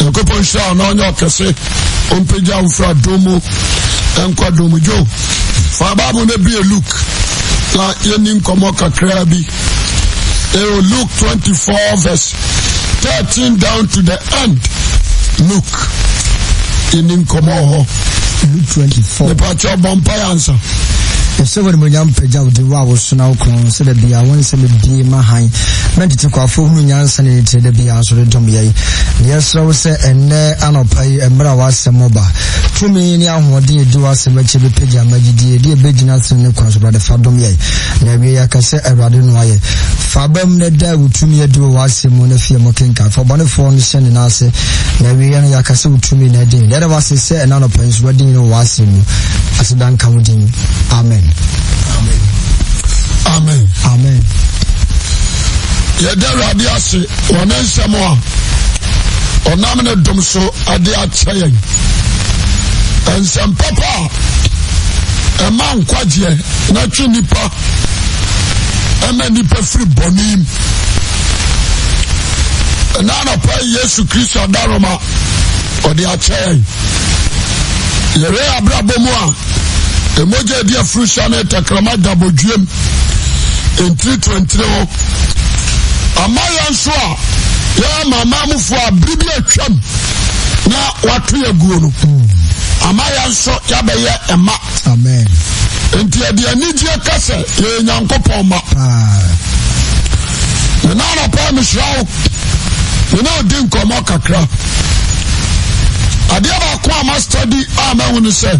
nyankopɔn hyira na ɔnyɛ ɔkɛse ɔmpagya mfra dom ɛnkɔ dom dwo fa bible no bie luke na yɛni nkɔmmɔ kakraa bi ɛyɛ luke 24 verse 13 down to the end luke yɛni nkɔmmɔ hɔ luke 24 nipa kyɛ ɔbɔ mpa yɛ ɛsɛ wɔde monyam pagya wode wo a wosona wo kron sɛ da bia wɔn sɛ mebie ma han na ntete kwafoɔ hunu nyansa ne nitire da bia so dodom yɛi deɛ srɛ wo sɛ ɛnnɛ anɔpa yi mmerɛ a woasɛm ɔba tumi ne ahoɔden ɛdi w'asɛm akyi bɛpagya magyidie ɛde ɛbɛgyina sene ne kwan so brade fa dom yɛi na awie yɛka sɛ awurade no ayɛ fa bam no da wo tumi adi wɔ w'asɛm mu no fie mu kenkan fa ɔbɔnefoɔ no hyɛ ne nan ase na awie no yɛaka sɛ wo tumi na adin deɛ da wase sɛ ɛna anɔpa yi nso wɔadin no wɔ w'asɛm mu aseda nka din amen Amen Amen Amen Yede radiasi wanen se mwa Onamene domso adi atyayen Ensem papa Eman kwajye Nekun nipa Emen nipa fribonim Eman apay yesu krisya daroma Odi atyayen Yere abra bomwa ɛmogyaadiaforusya ne tɛkrama dabodwuem ntiritrontire ho ama yɛnso a yɛ ma mamufo a biribi atwam na wɔato yɛ guo no ama yɛnso yɛbɛyɛ ɛma enti ɛde anigyie ka sɛ yɛ nyankopɔn ma ah. nena anɔpae mehyira o nene odi nkɔmɔ kakra adeɛ baako ama stadi a mawone sɛ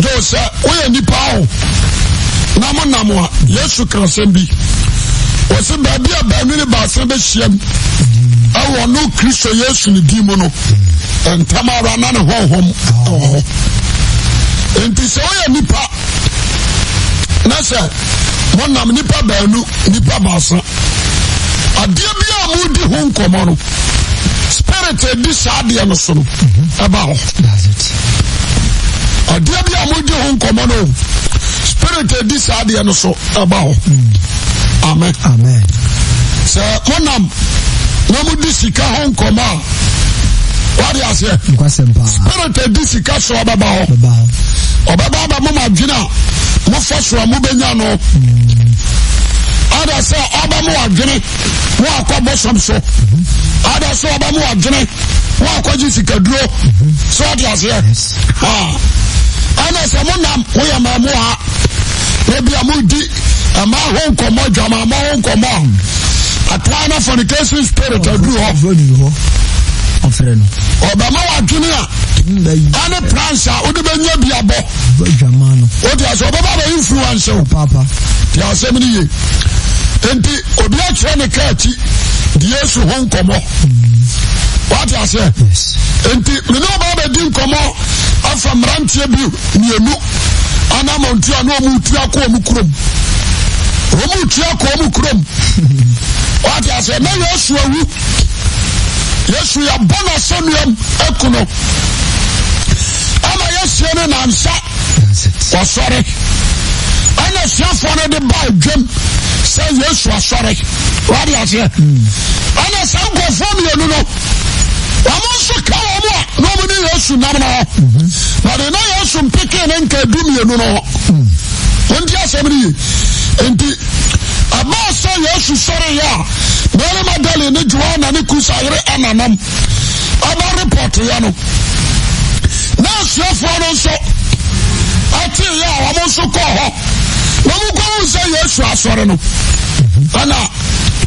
doo sɛ woyɛ nnipa o na a yesu ka asɛm bi wɔ se baabi a baanu ne baasa bɛhyiam ɛwɔ no kristo yesu ni din mu no ntam ara na ne hɔhɔm ɛwɔ hɔ enti sɛ woyɛ nnipa na sɛ monam nnipa baanu nnipa baasa adeɛ bi a modi ho nkɔmmɔ no spirit adi saa adeɛ no so no ɛba hɔ adeɛ bi a mogye ho nkɔmmɔ no spirit adi saa adeɛ no so ɛba hɔ amen sɛ monam na mode sika ho nkɔmmɔ a wade aseɛ spirit adi sika so ɔbɛba hɔ ɔbɛba ba moma adwene a mofa so a mobɛnya no ada sɛ ɔba mo wadwene woakɔ bosom so ada sɛ ɔba mo wadwene woakɔgye sikaduro mhm. so ɔde aseɛ ah ɛna sɛ monam woyɛ maamoa a, bia modi ɛma ho nkɔmmɔ dwamammɔ ho nkɔmmɔ atoa na fornication spirit aduru hɔ ɔbɛma wadwene a ɛne prans a wode bɛnya biabɔ wode asɛ ɔbɛba bɛ influence wo nti asɛm no ye enti obi akyerɛ ne kaakyi de yesu ho nkɔmmɔ mm. wate aseɛ enti mene wobaa bɛdi nkɔmmɔ afa mmeranteɛ bi mmienu anamantua na ɔmu tua kɔ ɔmu kurom ɔmu tua kɔ ɔmu kurom wate asɛ na yesu awu yesu yɛbɔ n'asɛnnuam aku no ama yɛsie no nansa ɔsɔre ɛna asuafoɔ no de baa dwam sɛ yesu asɔre wade aseɛ hmm. ɛna saa nkɔfoɔ mmienu no wɔmo Kala mwa, nou mweni yesu nanman an. Mwade nan yesu mpeke nenke dumiye nou nan an. En di asem liye. En di. Aman san yesu sore ya. Mweni madali ni jwa nan ni kousayre an nan an. Aman ripote ya nou. Nas yon fwa nou so. Ate ya waman so kohan. Nou mweni kwa mweni say yesu la sore nou. Ana.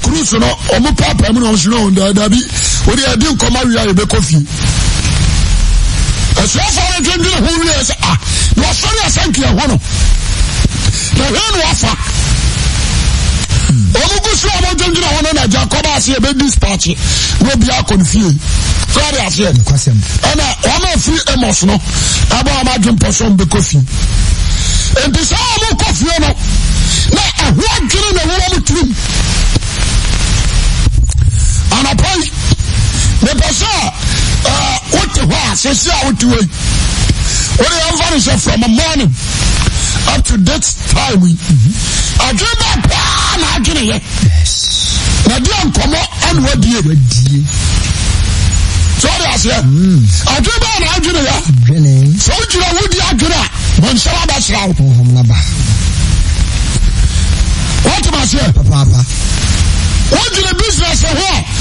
Kounou se nou. O mweni pape mweni anjou nou. Ndi anjou. wòde ẹbí nkɔmɔ awia yɛ bɛ kɔ fie ɛsɔfo no dwendwene ho wie sɛ a na ɔsɔre asɛnkeɛ ho no na hwɛ ne wafa ɔmugu hmm. so a mɔdwendwene ho no na agya kɔba aseɛ bɛdi spakye na obia akɔ no fie kɔde aseɛ ɛna ɔma afiri amos no abɔ ɔma adwempɔ so mbɛkɔ fie enti sɛ ɔmo kɔ fie no na ɛho adwene na ɛwowɔ mo tirim anapa yi mepɛ sɛ wote hɔ a sɛsi a wote wei wode yɛmfa no sɛ from morning up to that time yi adwene bɛ paa na adweneyɛ na deɛ nkɔmmɔ ane wadie sɛ wode aseɛ hmm. adwene bɛ na adweneyɛ sɛ wogyina wodi adwene a bɔnsɛm abɛsera wo wotem aseɛ wogyina business ho a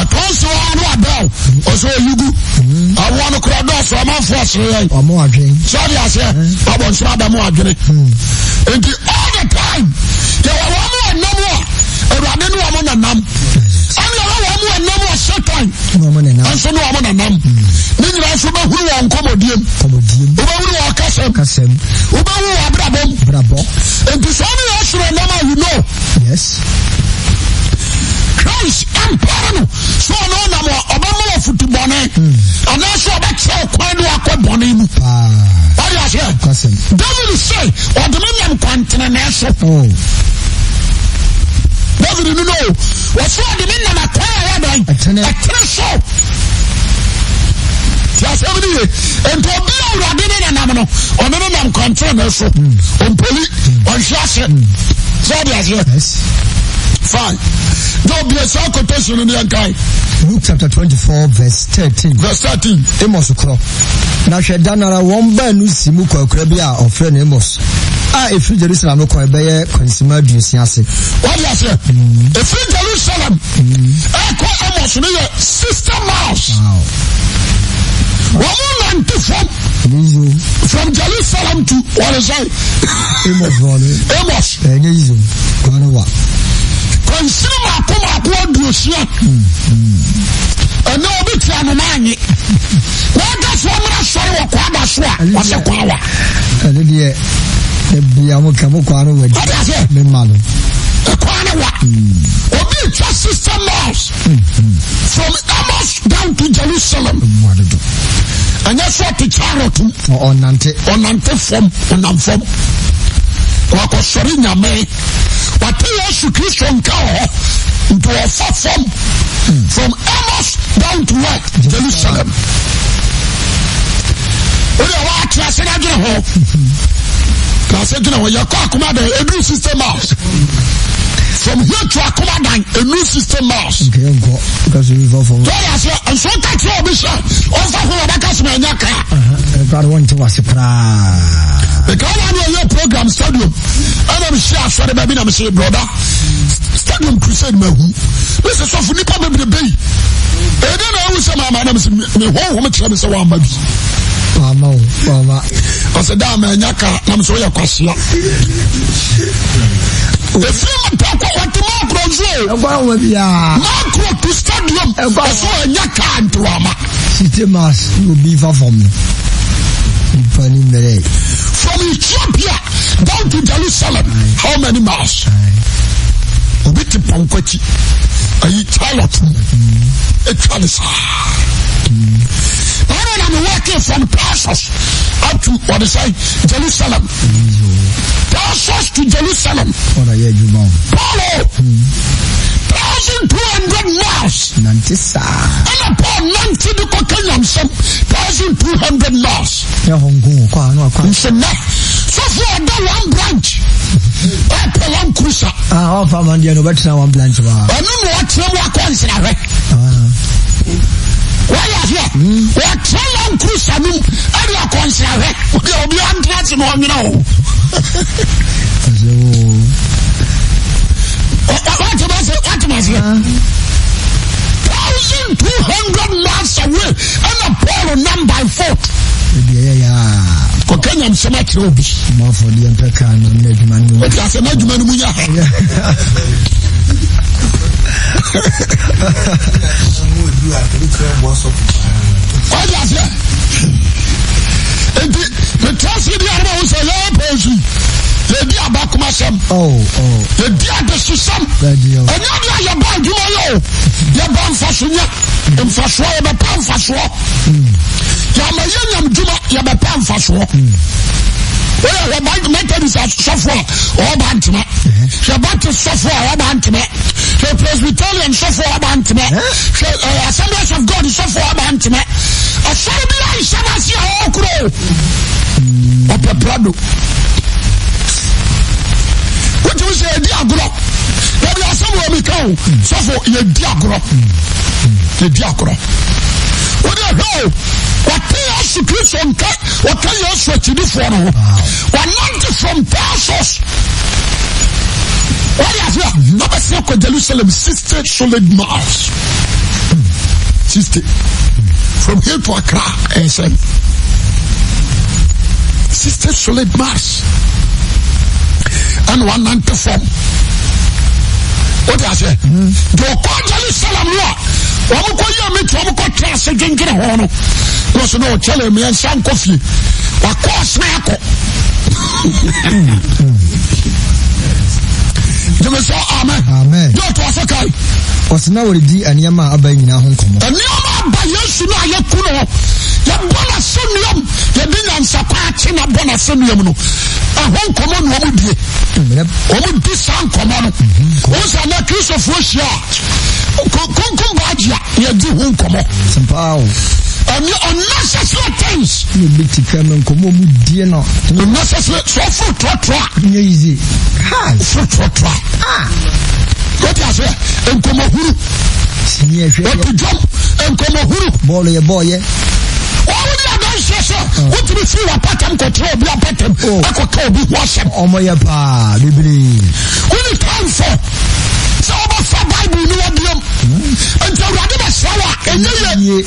atonso a no adɛw ɔsɛ ɔyigu awoa no kora dɔɔso ɔmanfo ɔsereyɛ sɛ ɔde aseɛ abɔ nsoro ada mu adwene nti all the time yɛwɔ wɔ mo ɛnam a awurade ne wɔ mo nanam ɛne ɛwɔ wɔ mo ɛnam a satan ɛnso ne wɔ mo nanam ne nyinaa nso wobɛhuru wɔ nkɔmmɔdiem wobɛhuru wɔ kasɛm wobɛhuru wɔ abrabɔm nti sɛ ɔne yɛ soro ɛnam a you know yes. Christ ɛmpare no na mm. na david nínú o wɔsi mi nam atara yɛ dɔn ɛtene so ti asɛm ni ye nti obi a awurade ne ne nam no ɔno ne nam kɔntɛn na so mm. ompoli mm. ɔnhwɛ ahyɛ sɛ ɔdi ahyɛ fine na obi esi akoto si ni yɛn kan. Luke chapter twenty four verse thirteen. Verse thirteen. Amos koro. Na hwɛ danara wɔn baanu si mu kɔkɔrɔ bi a ɔfrɛ no Amos a efiri jerusalem no kɔn ɛbɛyɛ kɔnsima dunsia ase. wàá di aseɛ hmm. efiri jerusalem hmm. ɛkɔ amos ni yɛ sixty miles wɔn mu nante fam from jerusalem to wɔresɛn. amos wɔle amos ɛnyɛ yizo kɔnɔ wa. kɔnsini maako maako aduosia hmm. ɛnɛ obi ti anoma anyi wɔn da so wɔn mìíràn sɔre wɔ kɔ aba so a wɔsɛ kɔ awa. ebia mo kɛ mo kwan di. mi ma no. kwan wa. Hmm. obi twa system, miles. Hmm, hmm. from Amos down to Jerusalem. ɛnyɛ sɔ ti kyaarɔtu. ɔnante. ɔnante fam ɔnam fam. wakɔsɔre nyame wate yesu kristo nka wɔ hɔ nti wɔfa fam from Amos down to what Jerusalem. wode a wɔatease no adwene ho na sɛ gyina hɔ yɛkɔ akomadan ɛduru system house from here to akomadan ɛnu system house tɔɔyɛ sɛ nso ka kyerɛ obi sɛ ɔmfa ho ɔbɛka soma ɛnyɛ kaa mekawa ne ɔyɛ program stadium ɛna mehye asɔre baabi na mehye brɔda stadium crusade mahu mesɛ sɔfo nnipa bebrebe yi ɛdɛ na ɛwu sɛ maama na mesɛ mehɔhom kyerɛ me sɛ woamba bi faama o faama. ɔsɛ daa mɛ nya ka nam so yɛ kwasia. efiri mu pɔkɔ wɔte makoro nso. ɛkɔ awɔ biara. makoro to stadium. ɛkɔ awɔ ɛsɛ ɔnya kaa ntorama. site maas obi fa fam no. nipa ni mɛrɛ. from ethiopia down to jerusalem how many miles. obi ti pɔnkɔ akyi ayi charlotte etwa ne saa. came from Tarsus up to what is say Jerusalem. Tarsus to Jerusalem. Paul, thousand two hundred miles. Ɛna Paul nante de kɔ kanyamsɛm thousand two hundred miles. Nsɛnɛ sɔfo ɔda one branch. Ɔpɛ one cruiser. Ah, ɔfa man deɛ one branch wọ́yà fẹ́ wọ́tí wọn kú sanu ẹni ọkọ nsira fẹ́ ọdí obi wọn tẹ́ ti wọn nyina o. wọ́n ti bá se wọ́n ti bá se. thousand two hundred miles away ẹna Paul nam by foot. ebi ẹ yẹ yaa. kọkẹ nyam sẹm akyerẹ obi. ọmọ afọdiyẹ mpẹ kan na ọmọ ẹdwuma ni mu. o ti a sẹ ẹmẹ ẹdwuma ni mu yà. Aya vye E di Metan se di arman ou se la apan ouji E di aba kouman sem E di apes sou sem E nan di a yaban di wanyo Di aban fashou M fashou a m fashou M fashou a m fashou hmm. yàmà yẹ nyàm dwuma yàbẹ pẹ nfasoɔ wọ́n yà wọ́n bá methodist sọ́fọ́ a wọ́n bá ntoma yà baptist sọ́fọ́ a wọ́n bá ntoma yà presbyterian sọ́fọ́ a wọ́n ntoma yà assemblies of God sọ́fọ́ a wọ́n bá ntoma ọ̀sán bí wọ́n nhyɛn bá sí àwọn okuro ọ̀pẹ̀ prado wọ́n ti sẹ́ yẹ di agorɔ wọ́n bí asẹ́mu wọ́n mi kàn ó agorɔ yẹ agorɔ wọ́n di o. wɔte yesu kristo nka wɔka yesu akyidifoɔ no ho wɔnante from parsos wɔde On a nabɛsɛ kɔ jerusalem sixty solid miles from here to accra ɛsɛ eh, sixty solid miles ɛna wɔnante from wɔde aseɛ deɛ ɔkɔ vous a wɔn kɔ vous mi wɔn kɔ vous ase no so na ɔkyɛlɛ mmea nsa nkɔ fie wakɔ ɔsena akɔ gyeme amen yɛ ɔto ɔsɛ kae ɔsena wɔredi nneɛma a aba nyinaa ho nkɔmmɔ nneɛma aba yesu no a yɛku no hɔ yɛbɔ n'asɛ nnuam yɛde nyansakwa akye na bɔ n'asɛ nnuam no ɛho nkɔmmɔ na ɔmo die ɔmo di saa nkɔmmɔ no ɔmo sɛ ɔmo akirisofoɔ hyia a konkombaagye a yɛdi ho nkɔmmɔ ɛni unnecessary things. ne bi ti kɛ mɛ nkɔmɔ mu die nɔ. unnecessary sɔ furu tɔtɔa. n ye yize. furu tɔtɔa. o ti a sɛ nkɔmɔ huru. siniya fiyɛ yɛ. o ti jɔn nkɔmɔ huru. bɔɔlu yɛ bɔɔ yɛ. wɔn ni adan ah. sɛ sɛ o ti bi fi wa pɛtɛm kɔ tura obi a pɛtɛm. ɛkɔ kɛ obi wɔ sɛm. ɔmɔ yɛ paa bibiri. o ni tan fɔ sɛ o bɛ fa baibu ni wa biam. Hmm. nti awurade bɛ sɛ wa ɛnyɛ yɛ.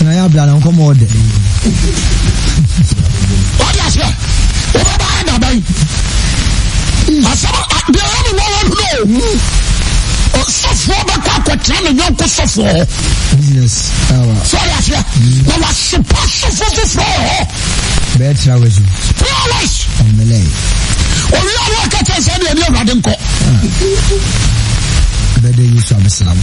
tena yɛ abira na nkɔmɔ ɔdɛ. wadi aseɛ wɔn bá yɛ daba yi asɛm deɛ yɛ ni wɔn wɔn no bɛ kɔ akɔtena ne nyɔnko sɔfoɔ business awa. sɔɔri aseɛ mm. na wa sepa sɔfo foforɔ hɔ. bɛɛ tira wɛ so. tira wɛ so. ɔmɛlɛ yi. owi awo akɛtɛ sɛ ɛni ɛni ɛwurade nkɔ. Ah. bɛɛ de yi sɔ abisalamu.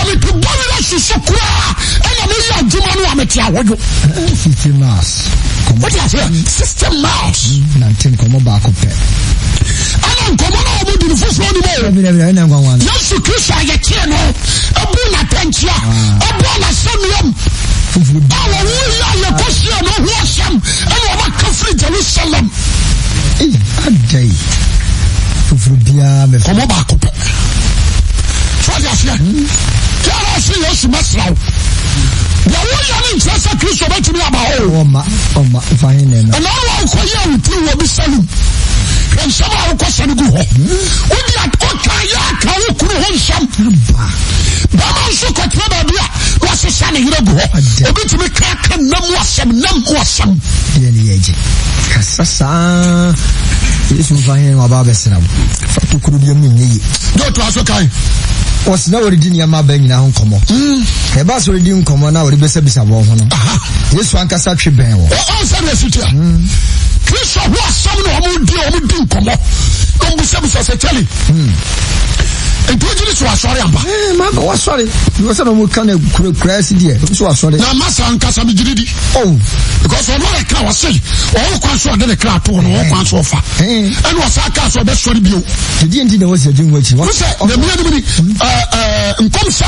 sɛ mete bɔne no susu koraa ɛna meyɛ adwuma no a mete awɔdwo wode aseɛ system miles nkɔmmɔ baako pɛ ɛna nkɔmmɔ no a wɔmɔdi no foforɔ no mu yesu kristo a yɛkyerɛ no ɛbu natɛnkyea ɛbu anasɛmnuam a wɔwo yɛ a yɛkɔhyia no ho ɔhyɛm ɛne wɔbɛka firi jerusalem adai foforo biaa mɛkɔmmɔ baako pɛ yesu mɛsra wo deɛ woyɛ no nkyerɛ sɛ kristo bɛtumi aba wo ɛna wowa wokɔyɛ a wotiri wɔ bi salum hwɛ nsɛm a wokɔsɛ no gu hɔ wode ɔtwa yɛ aka wo kunu ho nsɛm bɛma nso kɔtena baabi a wɔsesa ne yerɛ gu hɔ obi tumi kaka nam ho asɛm nam ho asɛm kasa saa yesu mfa hene wabaa bɛsera mo que tokuro biam ne nyɛ ye dɛ ɔtoa so kae wɔsi na wɔredi nneɛma abɛn nyinaa ho nkɔmɔ. ɛba so wɔredi nkɔmɔ na wɔde bɛsɛbisa wɔn ho no yesu ankasa twe bɛn wɔ. ɔn sɛ ne sutia kristu ahu asam na wɔn di wɔn di nkɔmɔ na wɔn bisabisa sɛ kyɛli nti o jiri so aba. ɛɛ maa fɔ wasɔre yóò na mo kan na kura kura ɛsi diɛ o so na ma sa nkasa mi jiri di. o oh. because ɔno de kan wa se ɔwɔ kwan so kan ato ɔno ɔwɔ kwan so ɔfa ɛna eh. ɔsa kan so ɔbɛ sɔre bi o. didi nti na wɔsi ɛdi nwɔ akyi. wosɛ na mi yɛn mi ɛɛ sa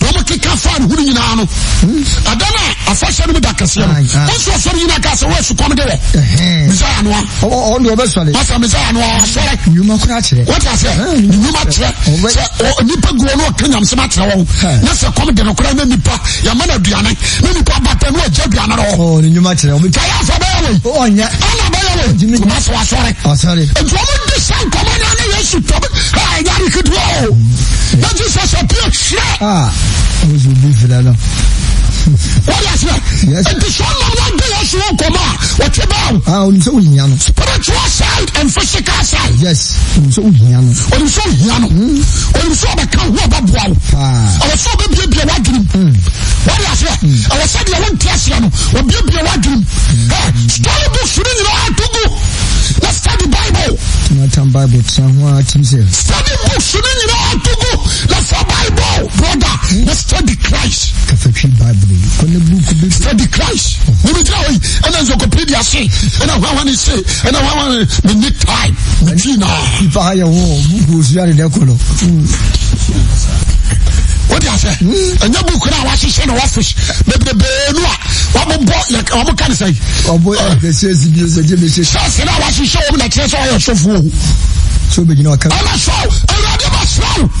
na wɔn keka fan huru nyinaa no adan a hmm. afɔhyɛ no da kɛseɛ no wɔn so ɔsɔre nyinaa kan sɛ esu kɔm de wɔ misa anoa. ɔwɔ ɔwɔ ni ɔbɛ sɔre. masa misa anoa sɔre. nyuma kura kyerɛ. wɔn ti ase ah, nyuma kyerɛ. nipa guo pas, pas, nyamsɛm pas wɔ na sɛ kɔm de nokora na nipa yɛma a pas na nipa bata ne ɔgya pas, rɔ kayɛ afa bɛyɛ wei pas, bɛyɛ wei maso asɔre nti pas, de sa nkɔmɔ no ana yesu tɔm a ɛnyare ketewa o mm. na jesus là, là wọ́n yà sẹ́ ètò sọ́nà wọn bí wọ́n sọ̀rọ̀ nkọ́mọ́ a wọ́n ti bá o. a ò spiritual side and physical side. yes ò ní hmm. ah. sọ òyìnbó yanu. ò ní sọ òyìnbó yanu. ò ní sọ ọbẹ kan wọ́n bá bu awo. àwọn sọ bẹ bíẹ bíẹ wá dùn. Hmm. wọ́n yà sẹ́ àwọn sẹ́díẹ̀ wọ́n ti ẹ̀sìn ẹ̀nu wọ́n bíẹ bíẹ wá story nyina dùgù let's study bible. Jonathan Bible tí wọ́n á ti sẹ́. study books ni nyina wa to á dùgù let's study bible brother hmm. let's study Christ. kẹfẹ́ fi bible. study Christ. Omi gyina hɔ yi ɛna encyclopedia I ɛna wawa say. And I want ne the need time me ti na. Ipa de a me na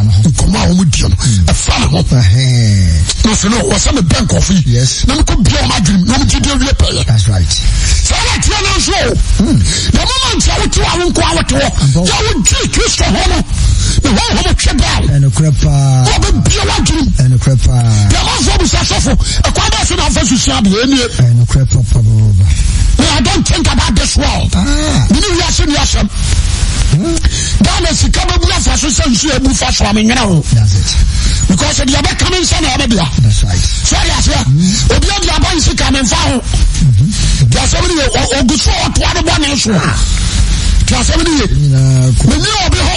nkɔmɔ a wɔn diɛ no hmm. ɛfa ne ho na sɛ bɛn kɔfi na me kɔ bia wɔn adwene na wɔn pɛyɛ saa na tia no o hmm. na mo ma nti a wote hɔ a wo yɛ wo gye kristo hɔ no na wɔn hɔ mo twɛ baa wo bɛ bia wɔn adwene deɛ ma nso busa sɔfo ɛkɔ abɛ so na afa susua deɛ ɛnie na I don't think about this world. Ah. Mini wiase ni asɛm. Ghana sika bɛ bu afa sɛ nsu ebu fa so ame nyina o. Because deɛ bɛ kame nsa na ɛbɛ bia. Sori aseɛ. Mm-hmm. Obi a deɛ aba nsi kame nfa ho. Deɛ ni yɛ ogu so ɔtoa ne bɔ ne so. Deɛ ni yɛ. Mɛ obi hɔ.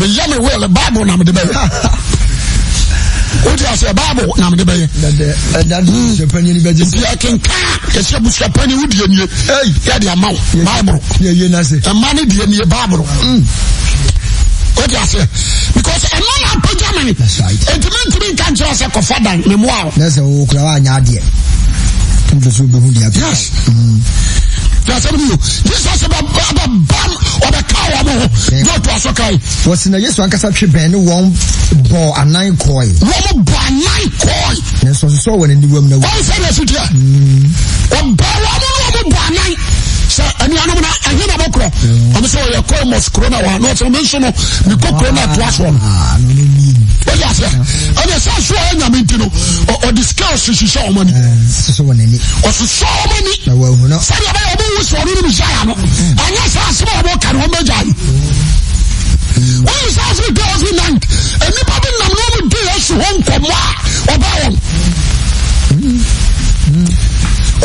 meyɛ me will bible na mede bɛyɛ wote asɛ bible na mede bɛyɛ hmm. nti yɛkenkaa yɛsɛ abusuapani wo deɛ nie yɛde ama wo bible ɛma ne deɛ nie bible hmm. wote asɛ because ɛno na apɛ germany ɛntimi ntimi nka nkyerɛ sɛ kɔfa dan memoa wo yes hmm. wɔsi na yesu ankasa twe bɛn ne wɔn bɔ anan kɔɛ. wɔn bɔ anan kɔɛ. nanso sɔsɔ wɔ n'ani wɔm na wɔ. wɔn fɛn na fi tia. ɔbɛ wɔn na wɔn bɔ anan. sɛ anuanom na ɛhe na bɔkorɔ. ɔmo sɛ ɔyɛ kɔɛ mɔs kuro na wa n'ɔsɛ ɔmo nso no ne kɔ kuro na to aso. ase ɛna ɛsɛ aso a ɛnyame nti no ɔde scales hyehyɛ wɔn ani ɔsoso eh, wɔn ani sɛdeɛ ɛbɛyɛ ɔbɛwu sɛ ɔno no mu hyɛ no ɛnyɛ eh. sɛ asɛm a ɔbɛka no ɔbɛgya no wɔn sɛ asɛm bi ɔfi nank nnipa bi nam na ɔmu di yesu hɔ nkɔmɔ a ɔbɛ wɔn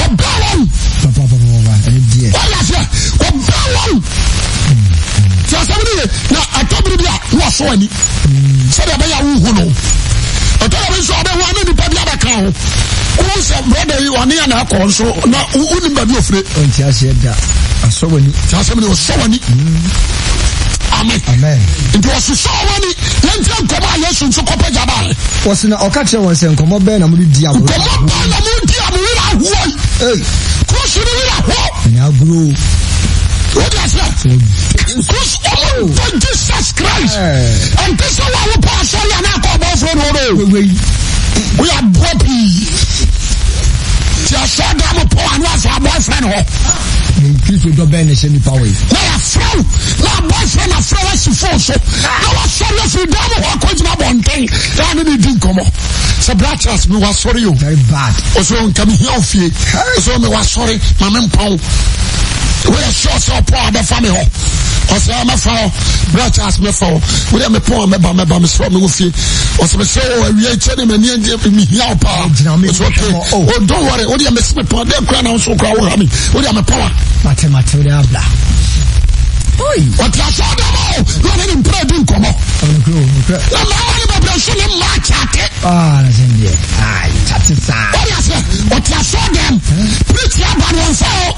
ɔbɛ wɔn wɔyɛ aseɛ ɔbɛ wɔn hmm, hmm. tí a sɛbɛn ne ye na atɔbiri bi a wɔsɔ ani. Hmm sɛde ɛbɛyɛ wohu no ɔtɔda bi nso ɔbɛhu ana nipa bi abɛka ho wohu sɛ brɔda yi wane ana akɔ nso na wonim baabi ofire ntiaseɛ da asɔ w'ani ntiasɛm ne ɔsɔ amen nti ɔsosɔ w'ani yɛntia nkɔmɔ a yesu nso kɔpɛ gya bae wɔse na ɔka kyerɛ wɔn sɛ nkɔmɔ bɛɛ na mode di nkɔmɔ bɛɛ na modi a mowerɛ ahoɔ yi kurosoro werɛ hɔ nyaguro wode aseɛ who's fallen for Jesus Christ. Eh. And this is why we pass on your neck of oh, both oh, We are broken. Just saw them upon was our boyfriend. Oh? Kristo dɔ bɛɛ nɛsɛ nipa wɔ yi. Na yà fẹ́w na bọ́ọ̀fẹ́ na fẹ́w ẹ̀sì fún so. Na wà sọ ní fi dáàmú hɔ kó jìnnà bọ̀ ntẹ́yìn. Yà ni mi di nkɔmɔ. Sɛ brachas mi wà sɔrɔ yìí o. Very bad. O sọ nkà mi hiã ofie. O sọ mi wà sɔrɔ maame mpaw. Wọ́n yẹ sọ sọ pọ̀ abẹ́fà mi hɔ ɔsɛ mɛfa hɔ brachas mɛfa hɔ wode mepɔn a mɛba mɛba mesrɛ me wo fie ɔsɛ mesɛ wɔ awie kyɛ ne mani mehia wo paa ɔdɔ wɔre wode mese mepɔn dɛ kora na wo so kora woha me wode mepɔwa ɔte asɛ wodamɔ wane ne mpra di nkɔmmɔ wama wone bɛbrɛso ne ma kyate ɔte aso dɛm preach aba ne ɔmfa o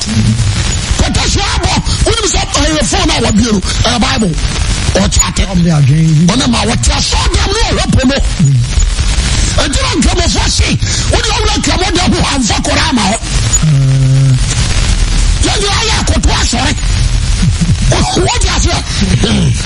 kɔtɛ so abɔ wonim sɛ ɛyɛfo no a wabie no ɛyɛ bible ɔkyate ɔne ma wɔte aso dɛm ne ɔhwɛ po no ɛnti na nkramɔfoɔ se wode ɔwura nkramɔde ho amfa kɔra ama hɔ yɛde ayɛ akoto asɔre wode aseɛ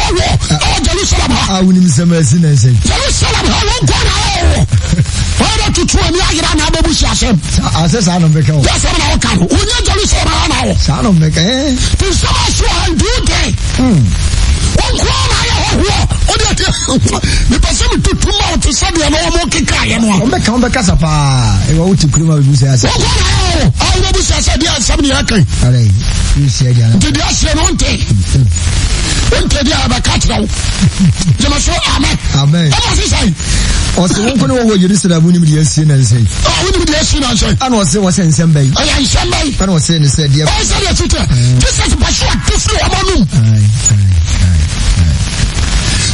wɔ ɛwɔ oh, jerusalem ha. awo ni misɛn ɛsi na ɛsɛ. jerusalem ha wɔn kɔ na ɛwɔ. wɔn yɛrɛ tutu ɛni ayira na abɛbu si asɛm. ase saa nɔ bɛ kɛ o. yɛ sɛbɛn na o kan o nye jerusalem ha na wɔ. saa nɔ bɛ kɛ. tinsɛbɛ su ha ndu de. wɔn kɔ na ayɛ hɔ wɔ o de ɛti nipa sɛ mi tutu ma o ti sɛ deɛ na wɔn mo keka yɛ no. wɔn bɛ kan wɔn bɛ kasa paa ɛwɔ o ti kuru ma ebi sɛ wɔn kɔ na ayɛ hɔ awo bɛ si asɛ nti di a bɛka kyerɛ Amen. gyama so amen ɛma se sɛe ɔsɛ wo nkone wɔwɔ yerusalem wonim deɛ asie na nsɛi wonim deɛ asie na nsɛi ana ɔse wɔ sɛ nsɛm bɛyi ɛyɛ nsɛm bɛyi ɛna ɔse ne sɛ deɛ ɔsɛ deɛ tutɛ jesus bɔso ate firi ɔma nom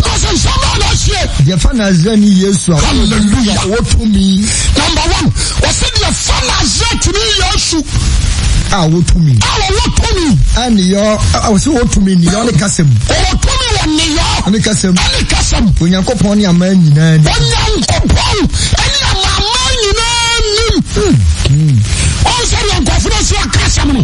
ɔsɛ nsɛm bɛyi na ɔsie deɛ fa nasarene yesu a halleluya wɔtumi number one ɔsɛ deɛ fa nasarene yesu a wɔ tumi. a wɔ wɔ tumi. a niyɔ a wɔ sɛ wɔ tumi niyɔ ne kasɛm. wɔ tumi wɔ niyɔ. ne kasɛm. ne kasɛm. onyankopɔn ni ama nyinaa ni. onyankopɔn ɛni ama ama nyinaa nim. Hmm. ɔn sɛ yɛn kɔfin na sɔ kasɛm no.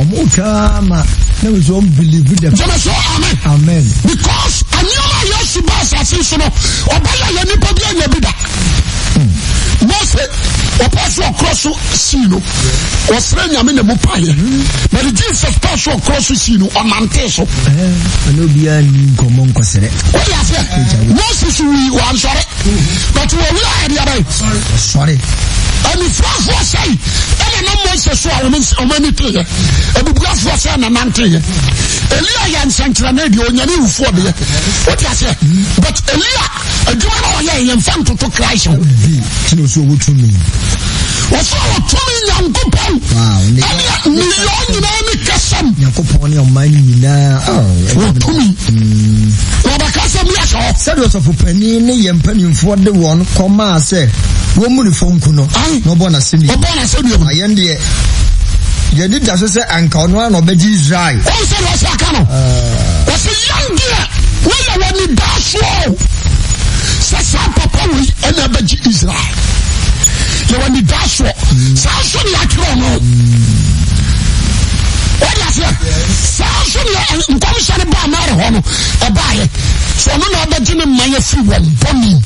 ɔmo twaa ma ne bɛ sɔn bilivu dɛm. jɛnɛ sɔ amen. amen. because anyɔma yɛ suba asase so no ɔbɛyɛ yɛ nipa bi a yɛ bi da. Hmm. mose ɔpɛ so ɔkorɔ so sii no ɔsrɛ nyame na mu paeɛ but jesus pɛ so ɔkorɔ so sii no ɔnante so wode aseɛ mose so wii wɔansɔre but wɔwura adeɛ bɛn anifuafoɔ sɛi ɛna na mose so a ɔma ani teeɛ abubuafoɔ sɛ ɛna nanteeɛ elia yɛ nsɛnkyerɛne deɛ ɔnyane wufoɔ deɛ wotia sɛ but elia adwuma na ɔyɛ yɛmfa ntoto christ ho wɔsɛ wɔtumi nyankopɔn ɛne meyɛ nyinaa ne kɛsɛm nyankopɔn ne ɔma nyinaa oh, wɔbɛka hmm. sɛ miahyɛ hɔ sɛdeɛ ɔsɔfo pani ne yɛ mpanimfoɔ de wɔn kɔmaa sɛ wɔmmu ne fɔnku no na ɔbɔ nasɛnnuam ayɛn deɛ yɛni da so sɛ anka ɔno ara na ɔbɛgye israel ɔn sɛ na ɔsɛ aka no ah. ɔsɛ yɛn deɛ woyɛ wɔ ne daa soɔ papa wei ɛna ɛbɛgye israel yɛwɔ ni da soɔ saa nso ne yɛatwerɛ no wɔde aseɛ saa nso ne nkɔmhyɛ no baa hɔ no ɛbaeɛ so ɔno na ɔbɛgye ne mma yɛ firi wɔn bɔne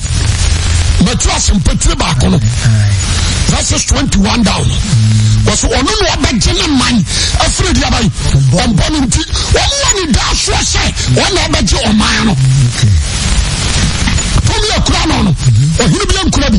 matu asɛmpatire baako no verses 21 down wɔso ɔno na ɔbɛgye ne man afiri deɛ bayi ɔmbɔne nti ɔmma ne da soɔ sɛ ɔna ɔbɛgye ɔman no tumi akura no no ɔhene bi ankura bi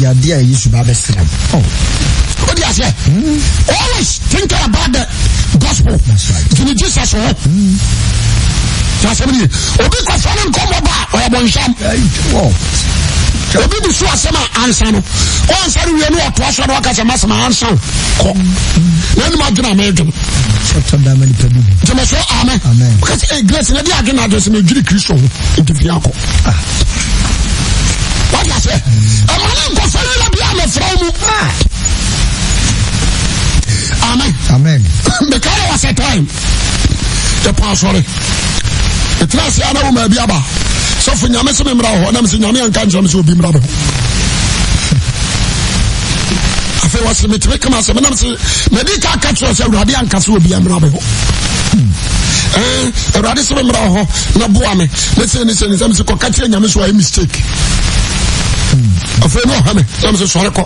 yadeɛ a yesu ba bɛsra wode aseɛ always think about the gospel gyine jesus ho asɛm nie obi kɔfa no nkɔmmɔ ba a ɔyɛ bɔnhyam obi bi so asɛm a ansa no ɔansa no wie no ɔtoa so no waka sɛ masɛm ansa wo kɔ na anim adwene a meedwene gyeme so amen woka sɛ eh, grace na de adwene adwene sɛ medwiri kristo ho nti fie akɔ Wak yase, a mani yon konsolo yon le biyame fra yon moun. Amen. Amen. Mi kade wase time. Te pa sore. E trase yon le yon me biyaba. Sof yon yon me seme mra yon, namse yon yon kanje yon seme mra yon. Afe wase mi trike mase, mi namse, mi di ka katswa se yon yon yon kaswe biyame mra yon. Yon yon seme mra yon, nan buwame, nese nese nese, mse kokatye yon yon yon swa yon mistike. afei ne ɔhame na mese sɔre kɔ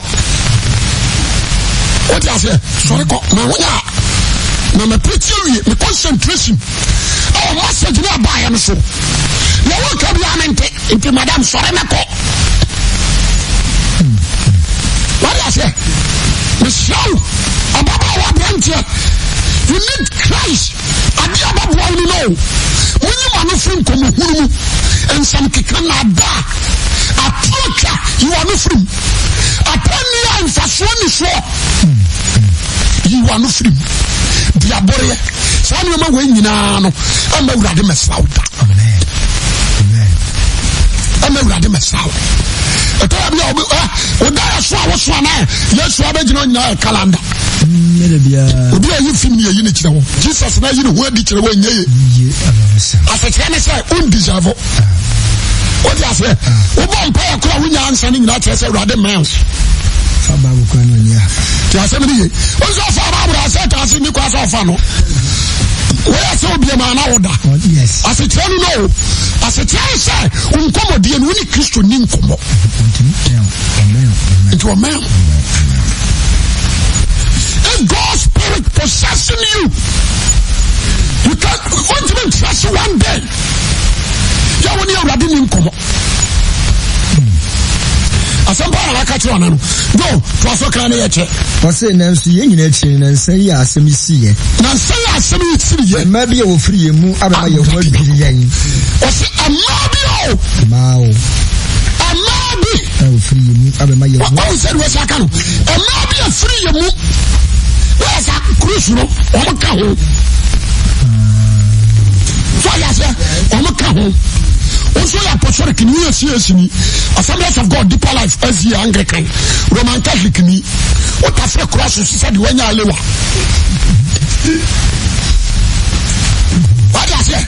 wote aseɛ sɔre kɔ ma wonya a na mapirikyi awie me concentration a ɔ message ne abaayɛ no so yɛwo ka bia me nte nti madam sɔre me kɔ wade aseɛ mesrɛ wo ababaawa aberanteɛ you need christ ade ababoa wo no no wonyi ma no firi nkɔmmɔhunu mu nsɛm keka na adaa apɔnkya yiwa no firim apɔnni a eu ni soɔ yiwa no firim di abɔreɛ saa nneɛma wɔ nyinaa no ɛmɛ wurade mɛsra wo da ɛmɛ wurade mɛsra wo ɛtɔ yɛ bi a ɔbi ɔda yɛ so eu wɔso ana yɛ yɛ so abɛgyina nyinaa obi a yi fim ni yɛ yi kyerɛ wɔ jesus na yi ne ho adi kyerɛ wɔ nye ye asekyerɛ ne sɛ o n wọ́n ti àṣẹ wọ́n bọ̀ mpáyà kúrò àwọn yàrá nsàn nìyí láti ẹsẹ̀ ìwúrọ̀dẹ mẹ́rin. sábà àbùkù ẹni òní à. tí a sẹ́mi nìyẹn o sọ fún ọmọ àbúrò àṣẹ tó a sì ní kó aṣọ ọ̀fà nù. wọ́n yà oh, sẹ́ obi ẹ̀ma anáwọ̀ dà. àṣetìyẹ nínú o àṣetìyẹ sẹ́ nkọ́mọdé ni wọ́n ní kristo ní nkọ́mọ. nti wọ́n mẹ́rin. if God's spirit possessing you you can't you can't even trust one day. yà wọ́n ní awurade ní nkọ́mọ. Não, no no toa so kra ne yɛkyɛ ɔse nanso yɛn nyina akyiri nansa yi asɛm siiɛ nansa yi asɛm yi siri yɛ mmaa bi a wɔfiri yɛn mu abɛma yɛn ho adwiri yɛn ɔse mmaa bi o mmaa o mmaa bi a wɔfiri yɛn mu abɛma yɛn ho ɔmo sɛ deɛ wɔsi aka no mmaa bi a firi yɛn mu wɔyɛ sa kurusu no ɔmo ka ho so ɔyɛ sɛ ka ho nso yɛ apostolic ni yɛ ni assemblies of God deeper life SDA anglican roman catholic ni o ta fɛ cross sisan de wɔnyɛ ale wa wadi aseɛ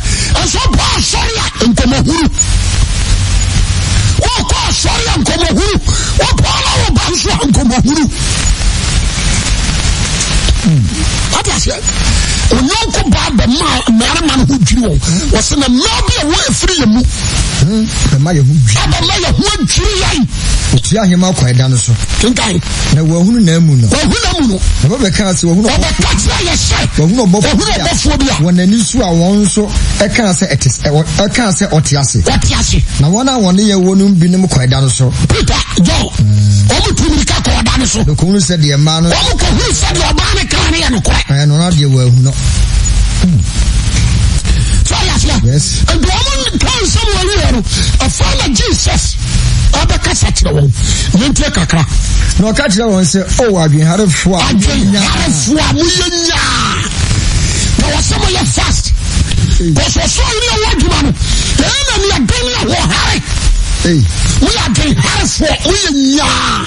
nso bɔ asɔre a nkɔmɔhuru wɔkɔ asɔre a nkɔmɔhuru wɔbɔ ɔlɔwɔ ba nso a nkɔmɔhuru wate aseɛ onyɔnko baa bɛma mmarima no ho dwiri wɔn wɔsɛ na mmaa bi a wɔ afiri yɛ mu hmm, bɛma yɛ ho dwiri abɛma yɛ ho adwiri yɛn ɔtua ahema kwan da no so kenkan na wahunu na amu no wahunu amu no ɛbɛ bɛka sɛ wahunu ɔbɛka kyerɛ yɛ sɛ wahunu ɔbɔfoɔ bi a wɔn ani so a wɔn nso ɛka sɛ ɛte ɛka sɛ ɔte ase ɔte ase na wɔn a wɔn ne yɛ wɔ binom kwan da no so peter john hmm. ɔmo tu mirika ne so. ekunu sɛ deɛ mmaa no. wɔn kò hun sɛ deɛ ɔbaa ne kan ne yɛ no kɔɛ. ɛɛ nɔnɔ deɛ wɔ ehun nɔ. sɔ yasiya. yes. ebi kan nsɛm wɔn yɛ no ɛfɔwɔ na jesus ɔbɛkasa kyerɛ wɔn yɛntie kakra. na ɔka kyerɛ wɔn sɛ ɔwɔ oh, adwenharefo a. adwenharefo a mo yɛ nyaa na wɔsɛ mo yɛ fast. kɔsɔsɔ yi ni ɔwɔ adwuma no ɛyɛ na ni ɛbɛn ni hare. woyɛ agenharefoɔ woyɛ nyaa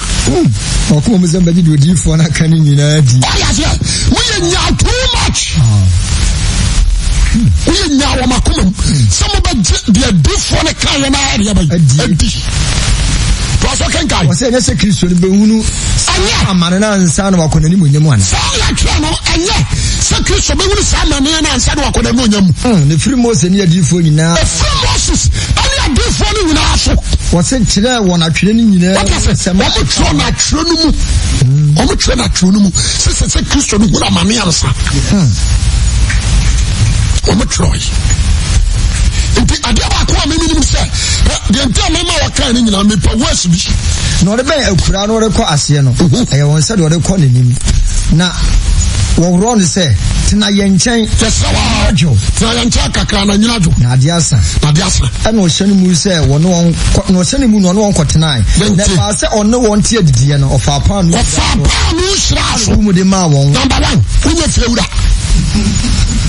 ɔko oh, mu sɛ mbɛgye de odiyifoɔ no aka no nyinaa di ɔyaseɛ woyɛ nyaa too much woyɛ nyaa wɔ makoma mu sɛ mobɛgye deɛ adifoɔ no ka yɛ no ayɛdeɛ bɛyi adi tɔso kenkan wɔsɛ ɛnyɛ sɛ kristo no bɛhunu ɛnyɛ amane no ansa na wakɔ n'anim onyam ana saa yɛtwerɛ no ɛnyɛ sɛ kristo bɛhunu saa amaneɛ no ansa na wakɔ n'anim onyam ne firi mose ne adiyifoɔ nyinaa ɛfiri moses adiifoɔ no nyinaa so. wɔsi nkyerɛ wɔn atwere no nyinaa. wɔn kɛse wɔn twerɛ na atwere no mu wɔn twerɛ na atwere no mu sisi sɛ kristu no hun amane ansa. Hmm. wɔn twerɛ yi nti adeɛ baako a mímu nimu sɛ deɛ nti a mɛma wɔka ne nyinaa mipa wɔsi bi. na ɔde bɛn akura no ɔde kɔ aseɛ no ɛyɛ wɔn wɔworɔ no sɛ tena yɛ nkyɛn yɛsrɛwadwo tena yɛ nkyɛn kakra na nyina dwo na adeɛ asa adeɛ asa ɛna ɔhyɛ mu sɛ wɔne wɔn na ɔhyɛ mu na ɔne wɔn kɔtenae na ɛfaa sɛ ɔne wɔn te adidiɛ no ɔfaa paanu ɔfaa paanu hyira so mu de maa wɔn number one wonyɛ fie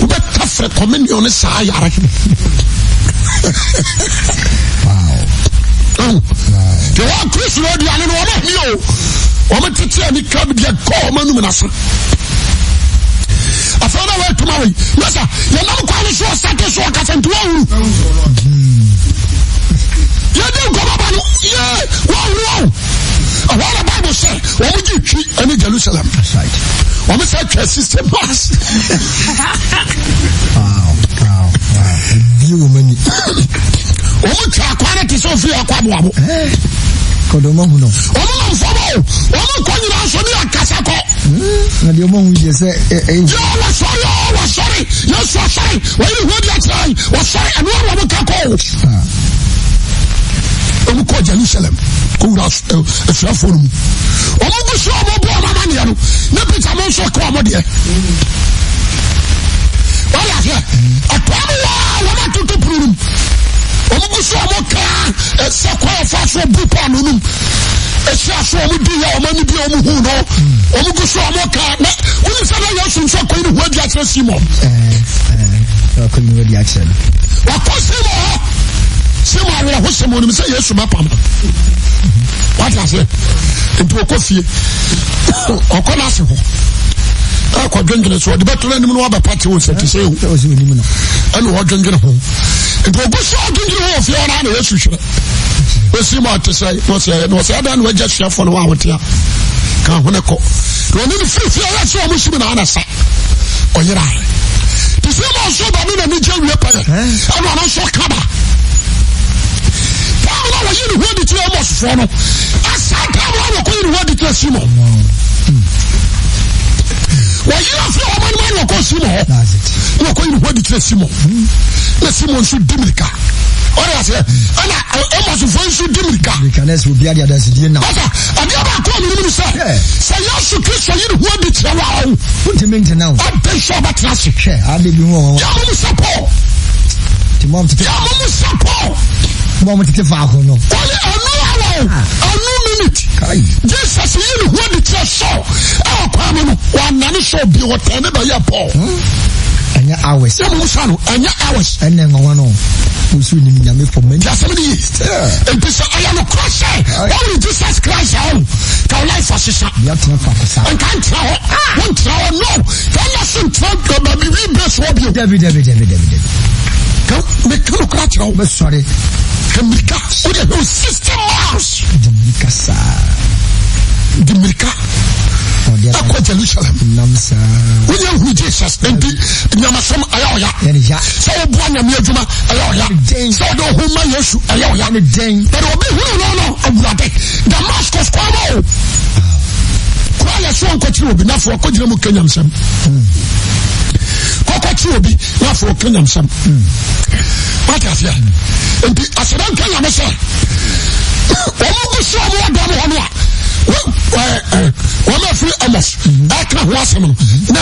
wobɛka frɛ communion ne saa yare deɛ wɔ kristo no aduane no wɔmahmi o wɔmetete ani ka deɛ kɔ ɔma num nase afei na wɔatuma wei mɛsa yɛnam kwa no so ɔsate so ɔkasa nti woawuru yɛde nkɔmaba no ye woawuru ao ɛhɔ na bible sɛ wɔmogye twi ane jerusalem wọn sẹ twẹ sixty marks. ebi wo ma ni. wọn twa akwa ne ti sọ fi akwa aboabo. kọdọ ọmọ hun náà. ọmọ náà fọ bọ o ọmọ kọ nyina sọ ní akasa kọ. na deɛ ɔmɔ hun yɛ o ɛ ɛ. yɛ wɔsɔre yɛ wɔsɔre yɛ sɔ sɔre wɔyɛ ihu bi akyerɛ yi wɔsɔre ɛnu wɔn wɔn kakɔ o. que kɔ jerusalem kó wura afurafo no mu ɔmu é ɔmu deɛ no na peter mo nso kɔ ɔmo deɛ wɔyɛ aseɛ ɛtoa mo wɔ wɔn atoto puru nom wɔn gu so wɔn kaa ɛsɛ kɔ ɛfa so bu paano nom ɛsi aso wɔn di yɛ wɔn ani bi wɔn hu no wɔn gu so wɔn kaa na wɔn nsa na yɛ so nso kɔ yi ne ho adi akyerɛ simon. wakɔ ne ho adi akyerɛ no. wakɔ simon hɔ simon awuraho simon nim sɛ yesu ma pam wati ase nti okɔ fie ɔkɔ n'ase hɔ ɛkɔ dwendwene so ɔde bɛtɔ n'anim na wabɛ pati wɔn sɛti sɛ ewu ɛna ɔdwendwene ho nti ogu so ɔdwendwene ho ofie ɔna na yesu hwere esi mu ɔte sɛ n'ɔsɛ ɛyɛ n'ɔsɛ ɛdan na wagya suafo no wɔn a wɔte a kan ho ne kɔ na ɔne ne firifiri a yɛsɛ ɔmo si mu na ana sa ɔyere ayɛ te sɛ ɔmo ɔso ba mi na ne gye wie pɛ ɛna ɔno nso kaba na wɔyi ne ho adi kyerɛ ɔmɔ sofoɔ no asaa taa mu a wɔkɔ yi ne ho adi kyerɛ simon wɔyi afi ɔmɔ no ma wɔkɔ simon hɔ na wɔkɔ yi ne ho adi kyerɛ simon na simon nso di mirika ɔde aseɛ ɛna ɔmɔ sofoɔ nso di mirika ɔsɛ adeɛ baako a nonum no sɛ sɛ yesu kristo yi ne ho adi kyerɛ wɔ awo ɔbɛ nso ɔbɛtena se yɛ amom sɛ paul yɛ amom sɛ paul bọ́n mo tètè faako nọ. ó ní ọ̀nù àwọ̀ ọ̀nù ah. mínítì jesus yìí ni wọ́n di tiẹ̀ sọ ẹ̀ ọ̀kọ́ àmì nù wà nàní sọ bí wọ́n tẹ̀ ní bẹ̀yẹ pọ̀. Hmm? ɛnyɛ hours. yẹ mu nsa no ɛnyɛ hours. ɛnna ɛnwawa no nsu ni mi nyame pɔ mɛni. yasɛm ni yi ebi sɛ ɔyɛ no kura sɛ wɔn ni jesus christ awo ah. ka o life asesa. bi a tena faako sa. nka n tena hɔ n tena hɔ no ka n yasi n tena hɔ baabi wi bɛ sɔ bi o. dabi dabi dabi dabi dabi. kan mɛ kí ló kura kyerɛ o. n bɛ sɔrɔ. ka mirika wode hwɛ sixty miles de mirika akɔ jerusalem wonyɛ hunu jesus nti nyamasɛm ɛyɛ ɔya sɛ woboa nyame adwuma ɛyɛ ɔya sɛ wode wo ho ma yesu ɛyɛ ɔya bɛde wɔbɛhunu no no awurade damascus kwa ma o ah. kora yɛ so nkɔkyere obi nafoɔ kɔgyina mu ka nyamsɛm hmm. kɔkɔkye obi n'afɔ ɔka nyamsam wate aseɛ nti asɛdɛ nka nyame sɛ wɔn gu so ɔmo ɔdɔm hɔ no wɔn afiri amos ɛka ho asɛm no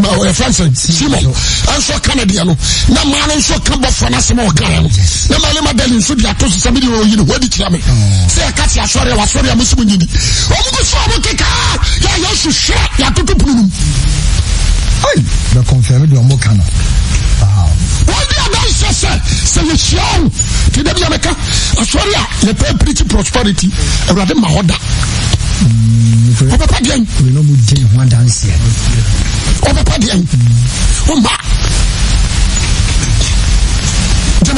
na yɛfrɛ simon ɛnso ka no na maa nso ka bɔfoɔ no asɛm a no na maale madali nso de ato sesɛ bi de ɔyi no wɔdi kyerɛ me sɛ yɛka se asɔre a wasɔre a mosom nyini ɔmo gu so ɔmo kekaa yɛyɛ suhwerɛ yɛatoto punu nom ayi bɛ kɔnfɛn mi di ɔmo kan na. wọ́n di adansi sɛ sɛ yɛ hyia o ti dɛbi yamɛka asɔre a yɛ pɛ piriti prosperity awurade mm, oh, oh, oh, ma hɔ da. ɔbɛpa deɛ. ɔbɛpa deɛ. ɔma.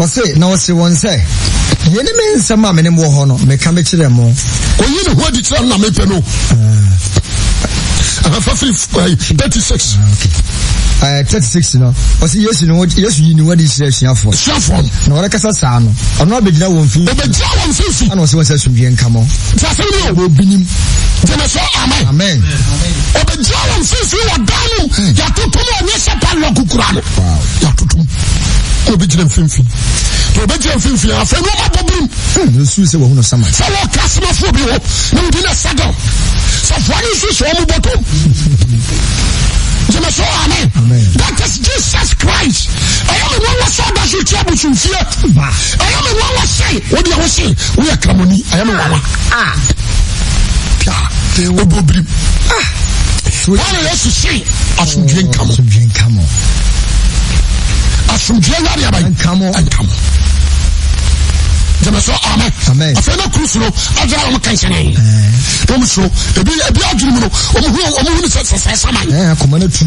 wɔse na wɔse wɔn sɛ yɛne me nsɛm a mene wɔ hɔ no meka mekyerɛ mo ɔyi ne ho adi kyerɛ no na mepɛ no ahafa firi 36 Uh, 36 no ɔsɛ yesu no yesu yi ne wadi kyerɛ asuafoɔ asuafoɔ na ɔrekasa saa no ɔno abɛgyina wɔn fi. ɔbɛgyina wɔn mfimfini ana ɔsɛ wɔn sɛ asomdwie nka mɔ sasɛm ni obinim gyina sɛ amen amen ɔbɛgyina wɔn mfimfini wɔ dan no hmm. yɛatotom ɔnyɛ sɛ palɔ kukura obi gyina mfimfin to obi gyina mfimfin afei ni hmm, wọn abọ birim. ɛn nsu sɛ wɔn na sama. sɛ wɔ kasimafo bi wɔ na wɔdi na sadal safuani nsu sɛ wɔn bɔ tom. jẹmẹsọ amen. that is Jesus Christ. ɛyẹ mi wọn wọ sọ ọdasi tí a bù sùn fiyẹ. ɛyẹ mi wọn wọ sẹ wọ́n di àwọn sẹ wọ́n yẹ kàmọ́ni ɛyẹ mi wọn wọ. pia o bọ birim. wọ́n yẹ sùn sẹ asundue nkamọ. asomdua yare aba nkamo nkamo jẹmẹsọ amẹ afẹ náà kuru soro adi a wọn kàn wọn soro ebi ebi aduru no wọn hu wọn hu ni sẹsẹ saman. ẹ akoma ne tu.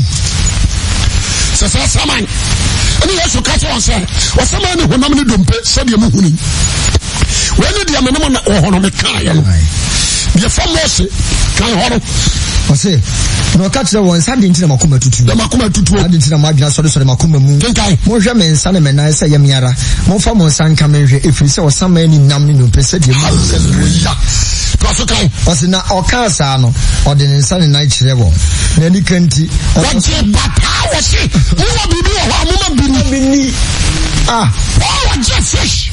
sẹsẹ saman ẹni yẹn so kátó wọn sẹ wọn sẹ maa ni honam ni dompe sẹbi emu hu ni wọn ni diẹ mẹni mu mi kàn yẹn no diẹ fọ mọọsi kàn yẹn na ɔka kyerɛ wɔn nsa de nti na makoma tutu na makoma tutu ade nti na mo adwena sɔre sɔre makoma mu Mo mohwɛ me nsa ne me nan sɛ yɛ me ara momfa mo nsa nka me nhwɛ ɛfiri sɛ ɔsaman ne nam ne nnompe sɛ deɛ ɔse na ɔkaa saa no ɔde ne nsa ne nan kyerɛ wɔn na ani ka nti wɔgye bataa wɔ se wowɔ biribi wɔ hɔ amoma bini a ah. wɔgye fish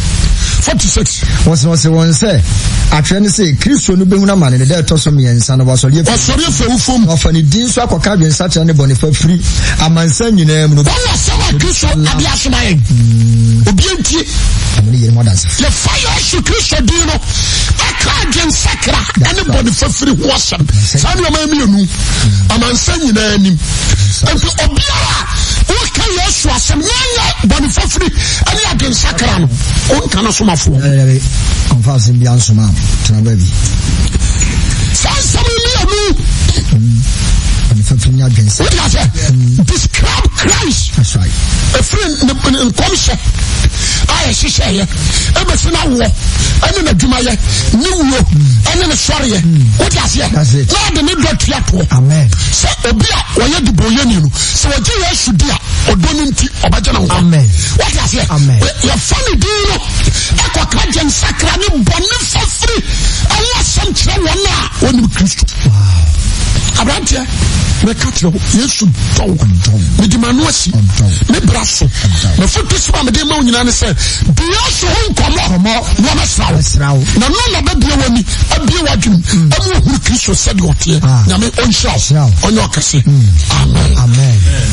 forty six. wọ́n sọ wọ́n sọ wọ́n sẹ́ atwere ne sẹ́ kristu onu bẹ́hùn amane ne dẹ́ ẹ̀tọ́ so mmiɛnsa no wasɔre efe. wasɔre efe wufo mu. wɔfɔ ne din so akɔka adwensa kyerɛ ne bɔnifa firi amansa nyinaa mu. wɔn na sɛbɛn kristu adi asoma yɛn obi ntie. ɔmo ne yɛrɛ mu adansa. yɛ fa yɛ ɔsu kristu din no ɛka adwensa kra ɛne bɔnifa firi ho asɛm saa Kanyo sou asem, yanyo, bwani fwafri, anya bensakran, on kan asoma fwafri. E, e, e, kon fwase mbyan soma, chan lwè vi. nya adwene sɛ wotia describe christ ɛfiri nkɔmhyɛ a yɛhyehyɛeɛ ɛbɛsi no awoɔ ɛne n'adwumayɛ ne wuo ɛne ne sɔreɛ wotia seɛ na ade ne dɔ tua toɔ sɛ obi a wɔyɛ dibɔyɛni no sɛ wɔgye yɛ asu di a ɔdɔ no nti Amen. no nkwa wotia seɛ yɛfa ne din no ɛkɔkra gye nsakra ne bɔne fafiri ɛwɔ asɛm kyerɛ wɔn a wɔnim kristo aberanteɛ mɛka kyerɛ wo yesu dɔw mede m'ano asi me bra so mafoto so a mede ma wo nyinaa ne sɛ bia so ho nkɔmmɔ wɔmɛsra wo na no na o w'ani abie w'adwenem mm. ɛmu ɔhuru kristo sɛdeɛ ɔteɛ ah. nyame ɔnhyira wo ɔnyɛ ɔkɛse mm. amen, amen. amen.